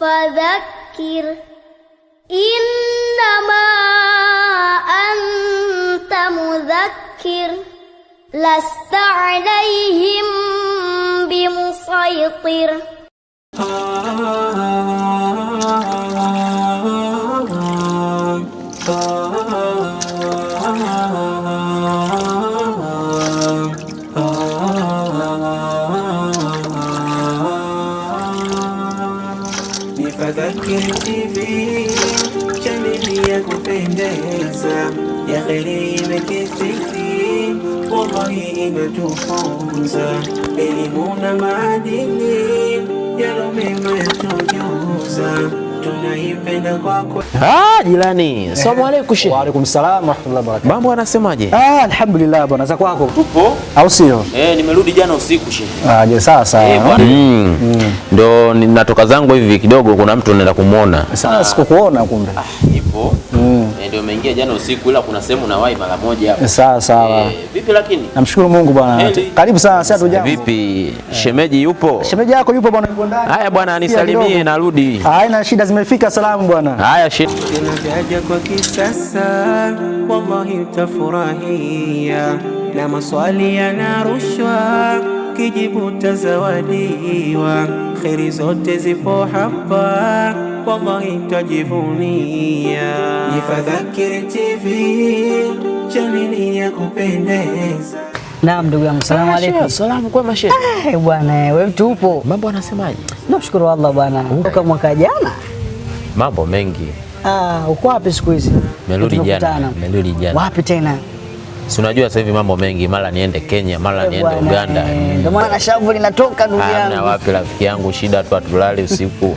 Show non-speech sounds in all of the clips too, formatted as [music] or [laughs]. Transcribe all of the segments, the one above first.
فذكر إنما أنت مذكر لست عليهم بمسيطر آه. Tafakari TV, chaneli ya kupendeza ya kheri imekithiri, wallahi inatufunza elimu na maadili, yalo mema yatujuza, tunaipenda kwako. Ah, jirani. Asalamu eh. alaykum shehe. Wa alaykum salaam wa rahmatullahi wa barakatuh. Mambo anasemaje? Ah, alhamdulillah bwana. Za kwako? Tupo. Au sio? Eh, nimerudi jana usiku shehe. Ah, je, sawa sawa. Eh, bwana. Mm. mm. mm. Ndio natoka zangu hivi kidogo kuna mtu anaenda kumuona. Sasa sikukuona kumbe. Ah, ipo. Mm. Eh, ndio umeingia jana usiku, ila kuna sehemu unawahi mara moja hapo. Eh, sawa sawa. E, vipi lakini? Namshukuru Mungu bwana. Karibu sana sasa tujambo. Vipi? Shemeji yupo? Shemeji yako yupo bwana yupo ndani. Haya bwana nisalimie narudi. Haina shida zimefika salamu bwana. Haya shida. Tunajaja kwa kisasa wallahi utafurahia na maswali yanarushwa kijibu tazawadiwa kheri zote zipo hapa kwamba itajivunia. Nifadhakiri TV chaneli ya kupendeza. Naam, ndugu yangu, salamu alaykum. Salamu kwa mashe. Eh, bwana wewe tupo. Mambo anasemaje? Namshukuru Allah bwana. Toka mwaka jana mambo mengi. Ah, uko wapi siku hizi? Merudi jana. Merudi jana. Wapi tena? Si unajua sasa hivi mambo mengi, mara niende Kenya, mara eh, niende Uganda. Eh, ndio maana shavu linatoka ndugu yangu. Wapi rafiki yangu, shida tu atulali usiku [laughs]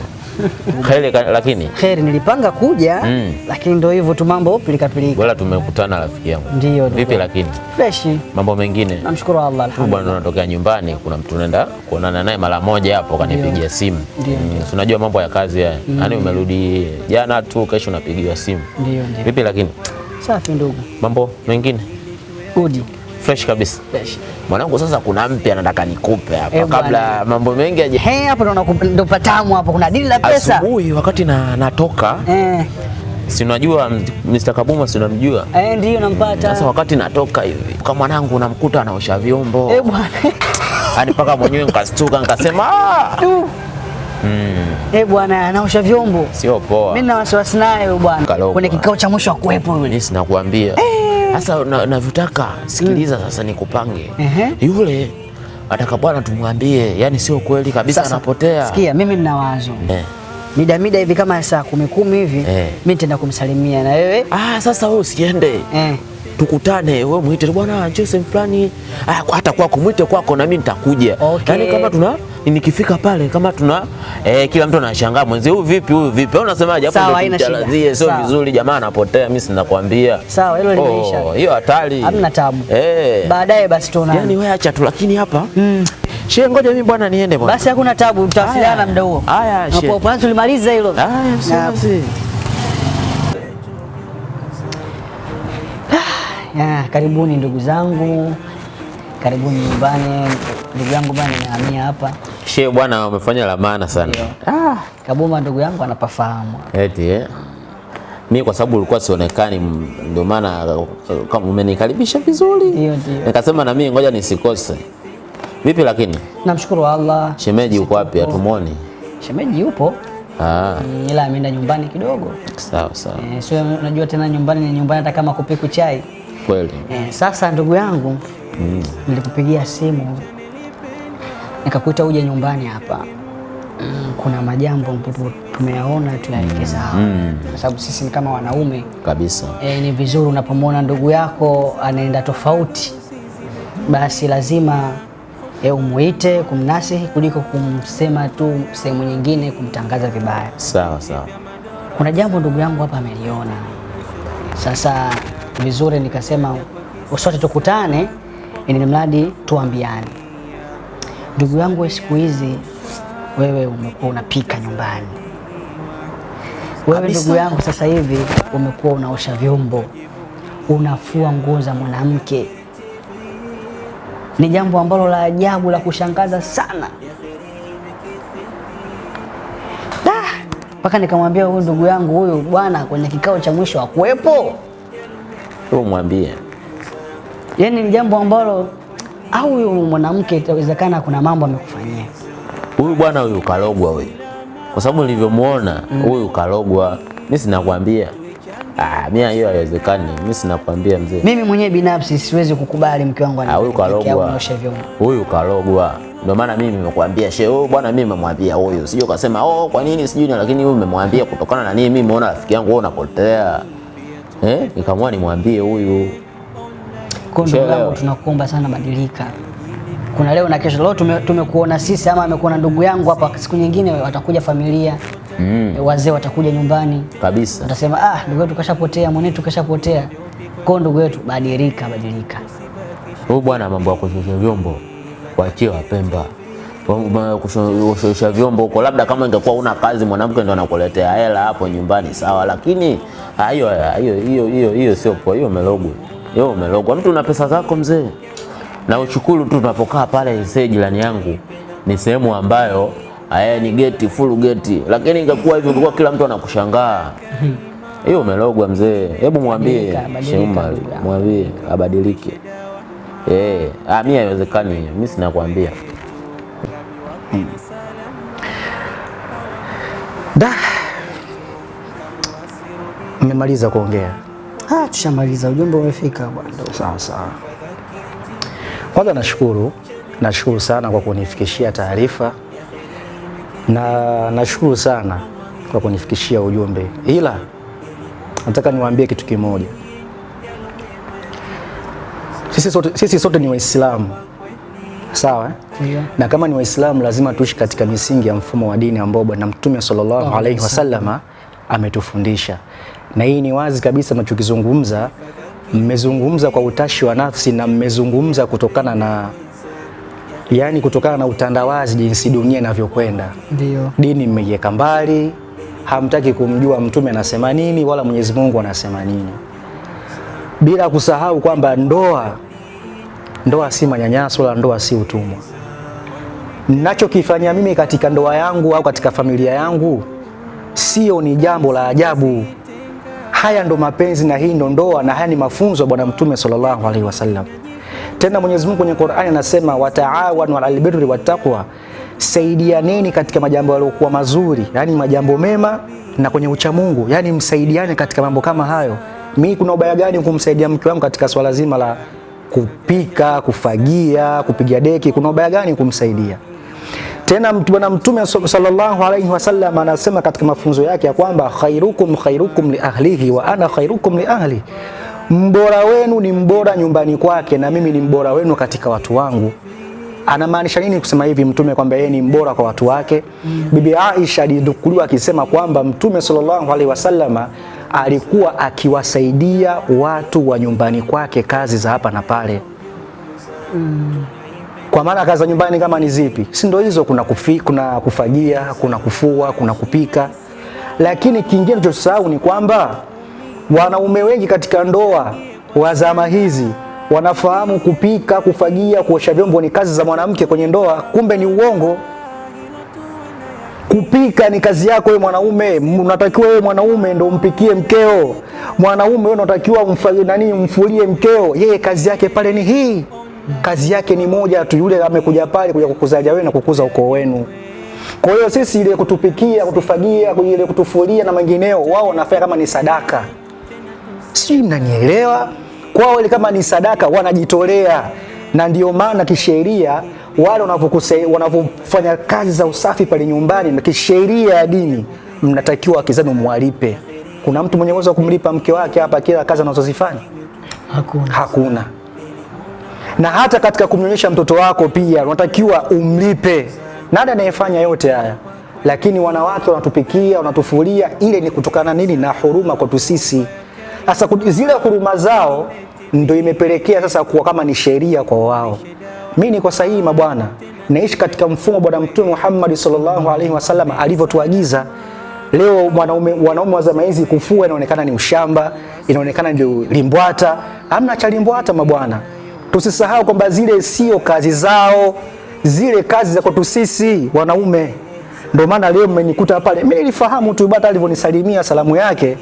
Kheri [laughs] lakini kheri, nilipanga kuja mm. Lakini ndio hivyo tu, mambo pilikapilika. Wala tumekutana rafiki yangu. Ndio vipi? Lakini fresh, mambo mengine namshukuru Allah alhamdulillah. Bwana, unatokea nyumbani, kuna mtu naenda kuonana naye mara moja hapo, kanipigia simu. Mm, unajua mm, mambo ya kazi haya mm. Yaani umerudi jana tu, kesho unapigiwa simu. Ndio vipi? Lakini safi ndugu, mambo mengine udi fresh kabisa mwanangu. Sasa kuna mpya nataka nikupe hapa eh, kabla mambo mengi aje. Hey, hapo ndo patamu hapo, kuna dili la pesa. Asubuhi wakati na, natoka eh. Si unajua Mr. Kabuma si unamjua? Eh, ndio nampata. Sasa wakati natoka hivi kama mwanangu namkuta anaosha vyombo eh bwana, [laughs] hadi paka mwenyewe nikastuka nikasema ah! [laughs] Mm. Eh, bwana anaosha vyombo. Sio poa. Mimi na wasiwasi naye bwana. Kwenye kikao cha mwisho akuepo yule. Mimi sinakuambia. Eh. Sasa navyotaka na sikiliza sasa nikupange yule ataka bwana tumwambie, yani sio kweli kabisa, anapotea. Sikia, mimi nina wazo eh. Mida mida hivi kama saa kumi kumi hivi mi eh. Mimi nitaenda kumsalimia na wewe ah, sasa wewe usiende eh. Tukutane we mwite bwana Joseph fulani, ah, hata kwako mwite kwako, na mimi nitakuja okay. Yani kama tuna nikifika pale kama tuna eh, kila mtu anashangaa mwenzi, huyu vipi, huyu vipi, au unasemaje hapo? ndio haina sio vizuri, jamaa anapotea, mimi sinakwambia. Sawa, hilo limeisha, oh, hiyo hatari, hamna tabu eh, baadaye basi tuona. Yani wewe acha tu, lakini hapa mm. Shehe, ngoja mimi bwana niende bwana. Basi hakuna tabu, tutawasiliana muda huo. Haya, shehe. Hapo kwanza tulimaliza hilo. Haya, safi. Ah, ya, karibuni ndugu zangu, karibuni nyumbani. Ndugu yangu bwana, nimehamia hapa. She bwana, umefanya la maana sana. Ah, Kabuma ndugu yangu anapafahamu. Eti eh. Mimi kwa sababu ulikuwa sionekani, ndio maana eh, umenikaribisha vizuri. Ndio ndio. Nikasema na mimi ngoja nisikose. Vipi lakini? Namshukuru Allah. Shemeji uko wapi? atumoni? Shemeji yupo. Ah. Ila ameenda nyumbani kidogo. Sawa sawa. Eh, sio unajua tena nyumbani ni nyumbani hata kama kupiku chai. Kweli. Eh, sasa ndugu yangu mm. nilikupigia simu nikakuita uje nyumbani hapa mm, kuna majambo ambapo tumeyaona tuyaweke sawa mm. kwa sababu sisi ni kama wanaume kabisa. E, ni vizuri unapomwona ndugu yako anaenda tofauti, basi lazima e, umuite kumnasihi kuliko kumsema tu sehemu nyingine kumtangaza vibaya. Sawa sawa, kuna jambo ndugu yangu hapa ameliona. Sasa vizuri, nikasema usote tukutane, ni mradi tuambiane Ndugu yangu, siku hizi wewe umekuwa unapika nyumbani, wewe ndugu yangu, sasa hivi umekuwa unaosha vyombo, unafua nguo za mwanamke. Ni jambo ambalo la ajabu la kushangaza sana mpaka nikamwambia huyu ndugu yangu huyu bwana, kwenye kikao cha mwisho hakuwepo. Umwambie, yaani ni jambo ambalo au huyu mwanamke itawezekana kuna mambo amekufanyia huyu bwana huyu kalogwa huyu, kwa sababu nilivyomuona mm. huyu mm. kalogwa. Mimi sinakwambia ah, mimi hiyo haiwezekani. Mimi sinakwambia mzee, mimi mwenyewe binafsi siwezi kukubali mke wangu ah, huyu kalogwa, huyu kalogwa. Ndio maana mimi nimekwambia she huyu oh, bwana mimi nimemwambia huyu, sijui ukasema oh, kwa nini sijui, lakini huyu nimemwambia kutokana na nini, mimi naona rafiki yangu wewe unapotea eh, nikamwona nimwambie huyu kwa ndugu yangu, tunakuomba sana badilika. Kuna leo na kesho. Leo tumekuona tume sisi, ama amekuona ndugu yangu hapa, siku nyingine watakuja familia mm. Eh, wazee watakuja nyumbani kabisa, utasema ah, ndugu yetu kashapotea, mwanetu kashapotea. Kwa ndugu yetu, badilika, badilika. Huyu bwana, mambo ya kushusha vyombo waachie Wapemba kushosha vyombo huko, labda kama ingekuwa una kazi mwanamke ndo anakuletea hela hapo nyumbani, sawa, lakini ah, ah, hiyo hiyo hiyo hiyo sio poa, hiyo melogwe yo umelogwa. Mtu una pesa zako mzee, na ushukuru tu. Tunapokaa pale isee, jirani yangu ni sehemu ambayo aya eh, ni geti full geti, lakini ingekuwa hivyo ingekuwa kila mtu anakushangaa [laughs] hiyo umelogwa mzee. Hebu mwambie Sheumari, mwambie abadilike. Eh, ah, mimi haiwezekani, mimi kuambia. hmm. Da, mmemaliza kuongea. Ah, tushamaliza, ujumbe umefika bwana. Sawa sawa. Kwanza nashukuru, nashukuru sana kwa kunifikishia taarifa na nashukuru sana kwa kunifikishia ujumbe, ila nataka niwaambie kitu kimoja. Sisi sote, sisi sote ni Waislamu sawa eh? Yeah. Na kama ni Waislamu lazima tuishi katika misingi ya mfumo wa dini ambao Bwana Mtume sallallahu alaihi wasallama ametufundisha na hii ni wazi kabisa, mnachokizungumza mmezungumza kwa utashi wa nafsi na mmezungumza kutokana na yani, kutokana na utandawazi, jinsi dunia inavyokwenda. Ndio dini mmeiweka mbali, hamtaki kumjua mtume anasema nini wala Mwenyezi Mungu anasema nini, bila kusahau kwamba ndoa ndoa si manyanyaso wala ndoa si utumwa. Ninachokifanya mimi katika ndoa yangu au katika familia yangu sio ni jambo la ajabu. Haya ndo mapenzi na hii ndo ndoa na haya ni mafunzo ya Bwana Mtume sallallahu alaihi wasallam. Tena Mwenyezi Mungu kwenye Qur'ani anasema wataawanu alal birri wattaqwa, saidianeni katika majambo yaliokuwa mazuri, yani majambo mema na kwenye ucha Mungu, yani msaidiane katika mambo kama hayo. Mimi kuna ubaya gani kumsaidia mke wangu katika swala zima la kupika, kufagia, kupiga deki? Kuna ubaya gani kumsaidia? Tena bwana Mtume sallallahu alaihi wasallam anasema katika mafunzo yake ya kwamba khairukum khairukum li ahlihi wa ana khairukum li ahli, mbora wenu ni mbora nyumbani kwake na mimi ni mbora wenu katika watu wangu. Anamaanisha nini kusema hivi Mtume kwamba yeye ni mbora kwa watu wake? Mm. Bibi Aisha alidukuliwa akisema kwamba Mtume sallallahu alaihi wasallam alikuwa akiwasaidia watu wa nyumbani kwake kazi za hapa na pale. Mm. Kwa maana kazi za nyumbani kama ni zipi, si ndio hizo? Kuna kufi, kuna kufagia, kuna kufua, kuna kupika. Lakini kingine tunachosahau ni kwamba wanaume wengi katika ndoa wa zama hizi wanafahamu kupika, kufagia, kuosha vyombo ni kazi za mwanamke kwenye ndoa, kumbe ni uongo. Kupika ni kazi yako wewe mwanaume, unatakiwa wewe mwanaume ndio umpikie mkeo. Mwanaume wewe unatakiwa nani, umfulie mkeo. Yeye kazi yake pale ni hii kazi yake ni moja tu, yule amekuja pale kuja kukuzalia wewe na kukuza ukoo wenu. Kwa hiyo sisi ile kutupikia, kutufagia, ile kutufulia na mengineo, wao wanafanya kama ni sadaka, si mnanielewa? Kwao ile kama ni sadaka, wanajitolea na ndio maana kisheria wale wanavyofanya kazi za usafi pale nyumbani, na kisheria ya dini mnatakiwa haki mwalipe. Kuna mtu mwenye uwezo wa kumlipa mke wake hapa kila kazi anazozifanya? Hakuna, hakuna na hata katika kumnyonyesha mtoto wako pia unatakiwa umlipe. Nani anayefanya yote haya? Lakini wanawake wanatupikia, wanatufulia, ile ni kutokana nini? Na huruma kwetu sisi. Sasa zile huruma zao ndio imepelekea sasa kuwa kama ni sheria kwa wao. Mimi niko sahihi mabwana, naishi katika mfumo bwana Mtume Muhammad sallallahu alaihi wasallam alivyotuagiza. Leo wanaume wanaume wa zama hizi kufua inaonekana ni ushamba, inaonekana ndio limbwata. Amna cha limbwata mabwana. Tusisahau kwamba zile sio kazi zao, zile kazi za kwetu sisi wanaume. Ndio maana leo mmenikuta pale. Mimi nilifahamu tu bata alivyonisalimia salamu yake,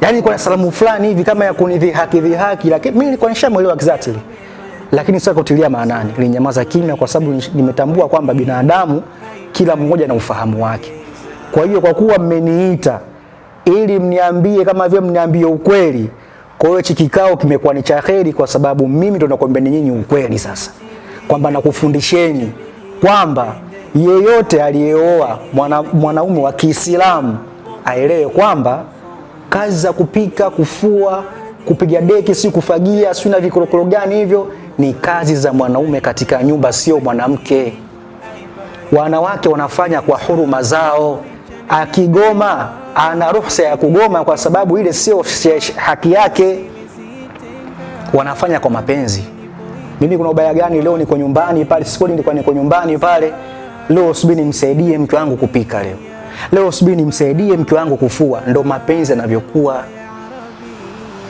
yaani kwa salamu fulani hivi kama ya kunidhihaki dhihaki, lakini mimi nilikuwa nishamuelewa exactly, lakini sasa kutilia maanani, nilinyamaza kimya, kwa sababu nimetambua kwamba binadamu kila mmoja na ufahamu wake. Kwa hiyo kwa kuwa mmeniita ili mniambie, kama vile mniambie ukweli kwa hiyo hichi kikao kimekuwa ni cha heri, kwa sababu mimi ndo nakwambia nyinyi ukweli sasa, kwamba nakufundisheni kwamba yeyote aliyeoa mwanaume mwana wa Kiislamu aelewe kwamba kazi za kupika, kufua, kupiga deki, si kufagia, si na vikorokoro gani hivyo, ni kazi za mwanaume katika nyumba, sio mwanamke. Wanawake wanafanya kwa huruma zao, akigoma ana ruhusa ya kugoma, kwa sababu ile sio haki yake. Wanafanya kwa mapenzi. Mimi kuna ubaya gani? Leo niko nyumbani pale, siku nilikuwa niko nyumbani pale, leo subiri nimsaidie mke wangu kupika leo, leo subiri nimsaidie mke wangu kufua. Ndo mapenzi yanavyokuwa.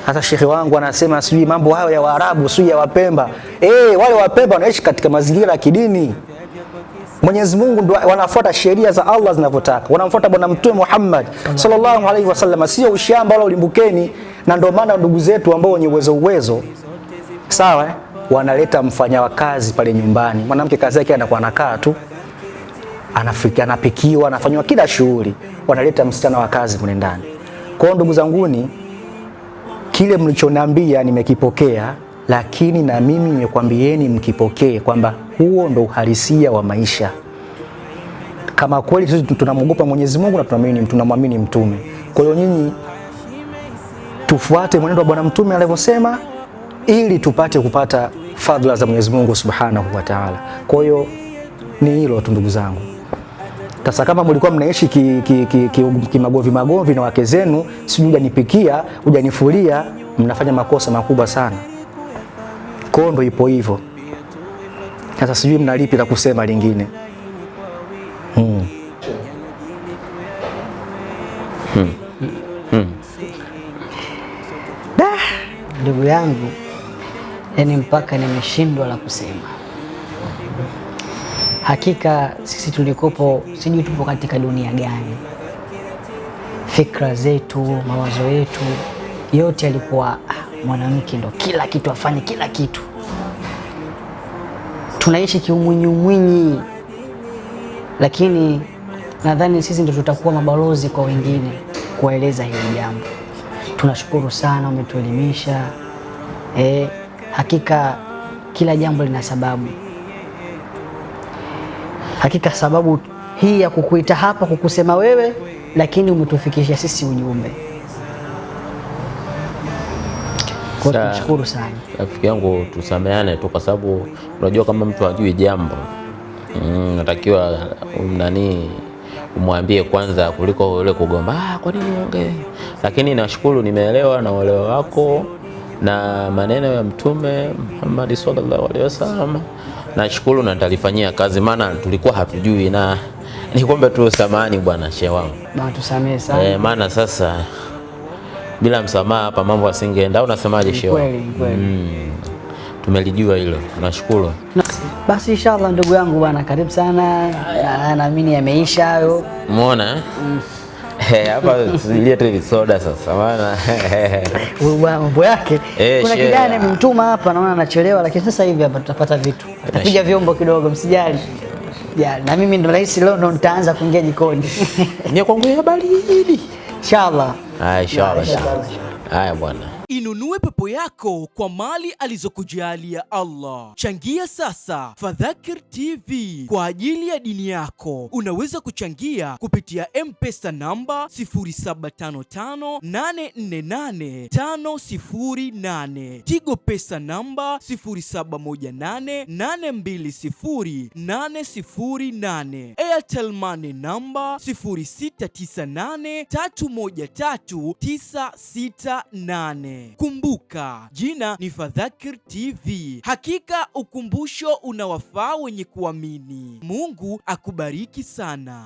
Hata shekhe wangu anasema sijui mambo hayo ya Waarabu, sijui ya Wapemba. Eh, wale Wapemba wanaishi katika mazingira ya kidini. Mwenyezi Mungu ndio wanafuata sheria za Allah zinavyotaka, wanamfuata bwana Mtume Muhammad sallallahu alaihi wasallam, sio ushamba wala ulimbukeni. Na ndio maana ndugu zetu ambao wenye uwezo uwezo, sawa, eh, wanaleta mfanya wa kazi pale nyumbani. Mwanamke kazi yake anakuwa anakaa tu, anafika, anapikiwa, anafanywa kila shughuli, wanaleta msichana wa kazi mle ndani. Kwa hiyo ndugu zanguni, kile mlichoniambia nimekipokea, lakini na mimi nimekwambieni mkipokee kwamba huo ndo uhalisia wa maisha. Kama kweli sisi tunamwogopa Mwenyezi Mungu na tunamwamini tunamwamini mtume. Kwa hiyo nyinyi tufuate mwenendo wa Bwana Mtume alivyosema ili tupate kupata fadhila za Mwenyezi Mungu Subhanahu wa Ta'ala. Kwa hiyo ni hilo tu ndugu zangu. Sasa kama mlikuwa mnaishi ki, ki, ki, ki magovi na wake zenu, sijui hujanipikia hujanifulia, mnafanya makosa makubwa sana. Kondo ipo hivyo. Sasa sijui mna lipi la kusema lingine. hmm. hmm. hmm. Ndugu yangu, yaani mpaka nimeshindwa la kusema. Hakika sisi tulikopo, sijui tupo katika dunia gani. Fikra zetu, mawazo yetu yote yalikuwa ah, mwanamke ndo kila kitu, afanye kila kitu tunaishi kiumwinyi umwinyi, lakini nadhani sisi ndio tutakuwa mabalozi kwa wengine kuwaeleza hili jambo. Tunashukuru sana, umetuelimisha. E, hakika kila jambo lina sababu. Hakika sababu hii ya kukuita hapa kukusema wewe, lakini umetufikisha sisi ujumbe. Tunashukuru sana rafiki yangu, tusameane tu kwa sababu unajua kama mtu hajui jambo mm, um, nani umwambie kwanza kuliko ule kugomba, ah, kwa nini ongee. Lakini nashukuru nimeelewa na uelewa wako na maneno ya Mtume Muhammad sallallahu alaihi wasallam. Nashukuru na nitalifanyia kazi, maana tulikuwa hatujui, na [laughs] nikombe tu samahani bwana shehe wangu, tusamehe sana eh, maana sasa bila msamaha hapa mambo asingeenda, au unasemaje shehe? Kweli kweli. Mm. Tumelijua hilo, nashukuru. Basi inshallah, ndugu yangu bwana, karibu sana. Naamini yameisha hayo, umeona eh? mm. [laughs] eh, hapa tusilie tu soda sasa, maana [laughs] mambo yake. Eh, Kuna kijana mtuma hapa, naona anachelewa, lakini sasa hivi hapa tutapata vitu, atapiga [laughs] vyombo kidogo, msijali. Ya, na mimi ndo rahisi leo ndo nitaanza kuingia jikoni. Ni kwangu habari hili. Inshallah. Haya, inshallah. Haya bwana. Inunue pepo yako kwa mali alizokujalia Allah. Changia sasa Fadhakir TV kwa ajili ya dini yako. Unaweza kuchangia kupitia mpesa namba 0755848508, Tigo Pesa namba 0718820808, Airtel Money namba 0698313968 Kumbuka jina ni Fadhakir TV. Hakika ukumbusho unawafaa wenye kuamini. Mungu akubariki sana.